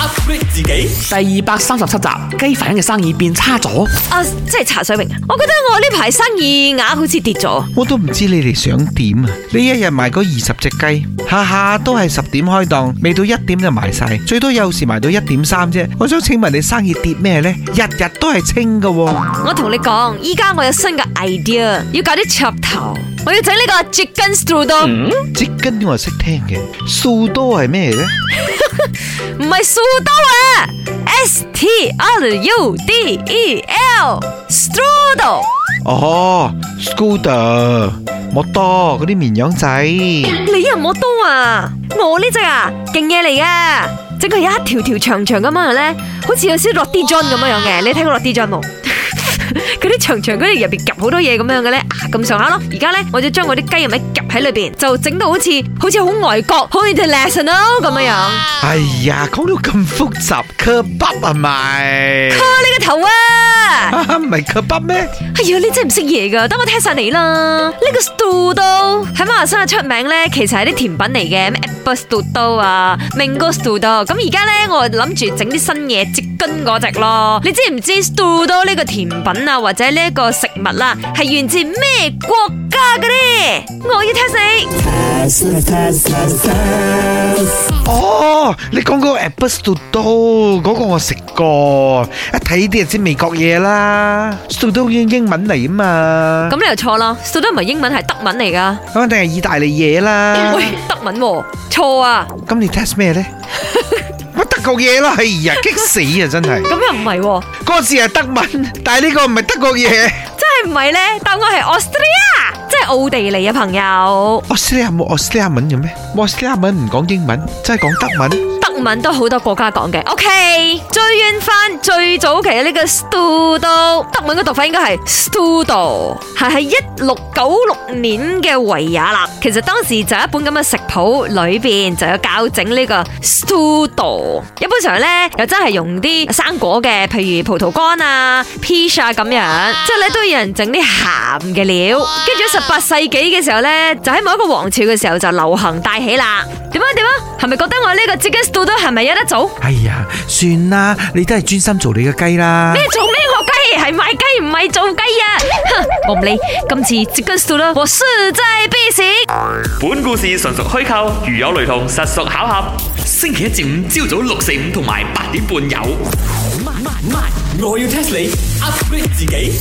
upgrade 自己第二百三十七集雞粉嘅生意變差咗啊！即係茶水榮啊！我覺得我呢排生意額好似跌咗，我都唔知你哋想點啊！呢一日賣嗰二十隻雞，下下都係十點開檔，未到一點就賣晒，最多有時賣到一點三啫。我想請問你生意跌咩呢？日日都係清噶。我同你講，依家我有新嘅 idea，要搞啲噱頭，我要整呢個 chicken soup 多。嗯，chicken 我係識聽嘅，soup 多係咩呢？唔係 soup。唔多啊，S, s T R U D E L，strudel。哦 Scooter 冇多嗰啲綿羊仔。你又冇多啊？我呢隻啊，勁嘢嚟噶，整個有一條條長長咁啊咧，好似有少少落地樽咁樣樣嘅。你聽過落地樽冇？長長嗰啲入邊夾好多嘢咁樣嘅咧，啊咁上下咯。而家咧，我就將我啲雞肉夾喺裏邊，就整到好似好似好外國，好 international 咁樣。哎呀，講到咁複雜，磕巴啊咪，磕你個頭啊！啊，唔係佢噏咩？哎呀，你真係唔識嘢噶，等我聽晒你啦。呢、這個 Studo 喺馬來西亞出名咧，其實係啲甜品嚟嘅，咩 Apple Studo 啊，mingo Studo。咁而家咧，我諗住整啲新嘢直跟嗰隻咯。你知唔知 Studo 呢個甜品啊，或者呢一個食物啦、啊，係源自咩國家嘅咧？test 食哦，你講嗰個 Apple Strudel，嗰個我食過，一睇啲就知美國嘢啦。Strudel 應英文嚟啊嘛，咁你又錯咯，Strudel 唔係英文係德文嚟噶，咁一定係意大利嘢啦。喂，德文錯啊，咁你 test 咩咧？乜德國嘢啦？係啊，激死啊！真係咁又唔係，嗰時係德文，但係呢個唔係德國嘢，真係唔係咧，答案係 Austria。奧地利嘅、啊、朋友，奧斯利亞冇，奧斯利亞文嘅咩，奧斯利亞文唔講英文，真係講德文。德文都好多國家講嘅，OK，追遠翻最早期嘅呢個 studio，德文嘅讀法應該係 studio，係喺一六九六年嘅維也納，其實當時就一本咁嘅食譜裏邊就有教整呢個 studio，一般上咧又真係用啲生果嘅，譬如葡萄乾啊、peach 啊咁樣，即係咧都有人整啲鹹嘅料，跟住十八世紀嘅時候咧，就喺某一個王朝嘅時候就流行帶起啦。點啊點啊，係咪、啊、覺得我呢個 j u 我都係咪有得做？哎呀，算啦，你都係專心做你嘅雞啦。咩做咩學雞？係賣雞唔係做雞啊！哼，我唔理，今次即刻 stop 啦。我勢在必行。本故事純屬虛構，如有雷同，實屬巧合。星期一至五朝早六四五同埋八點半有。賣賣賣！我要 test 你，upgrade 自己。